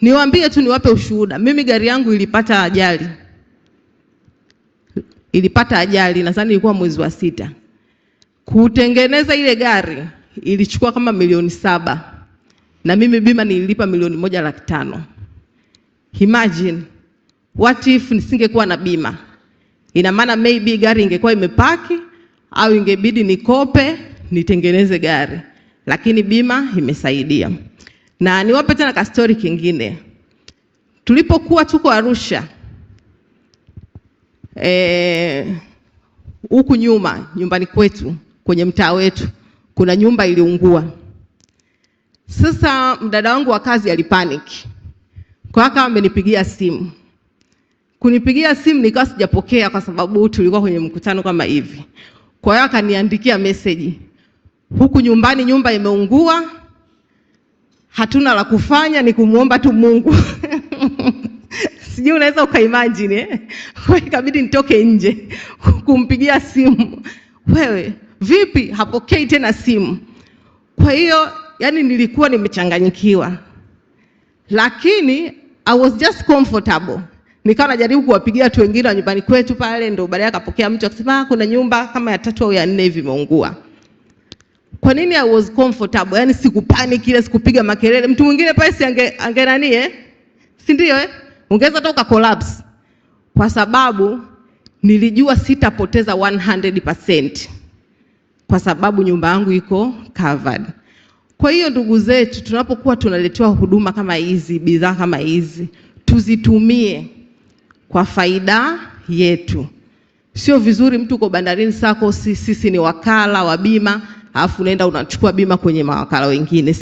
Niwaambie tu niwape ushuhuda. Mimi gari yangu ilipata ajali, ilipata ajali, nadhani ilikuwa mwezi wa sita. Kutengeneza ile gari ilichukua kama milioni saba na mimi bima nililipa milioni moja laki tano. Imagine what if nisingekuwa na bima? Ina maana maybe gari ingekuwa imepaki au ingebidi nikope nitengeneze gari, lakini bima imesaidia. Na niwape tena kastori kingine, tulipokuwa tuko Arusha eh, huku e, nyuma nyumbani kwetu kwenye mtaa wetu kuna nyumba iliungua. Sasa mdada wangu wa kazi alipanic kwa haka amenipigia simu kunipigia simu nikawa sijapokea kwa sababu tulikuwa kwenye mkutano kama hivi. Kwa hiyo akaniandikia meseji, huku nyumbani nyumba imeungua, hatuna la kufanya, ni kumwomba tu Mungu sijui unaweza ukaimagine eh? Ikabidi nitoke nje kumpigia simu, wewe vipi? Hapokei tena simu. Kwa hiyo yani nilikuwa nimechanganyikiwa, lakini I was just comfortable nikawa najaribu kuwapigia watu wengine wa nyumbani kwetu pale, ndo baadaye akapokea mtu akasema ah, kuna nyumba kama ya tatu au ya nne hivi imeungua. Kwa nini I was comfortable? Yaani sikupanic ile, sikupiga makelele. Mtu mwingine pale si ange, ange nani eh? Si ndio eh? Ungeweza toka collapse. Kwa sababu nilijua sitapoteza 100% kwa sababu nyumba yangu iko covered. Kwa hiyo ndugu zetu, tunapokuwa tunaletewa huduma kama hizi, bidhaa kama hizi, tuzitumie kwa faida yetu. Sio vizuri mtu uko bandarini sako, sisi ni wakala wa bima alafu unaenda unachukua bima kwenye mawakala wengine.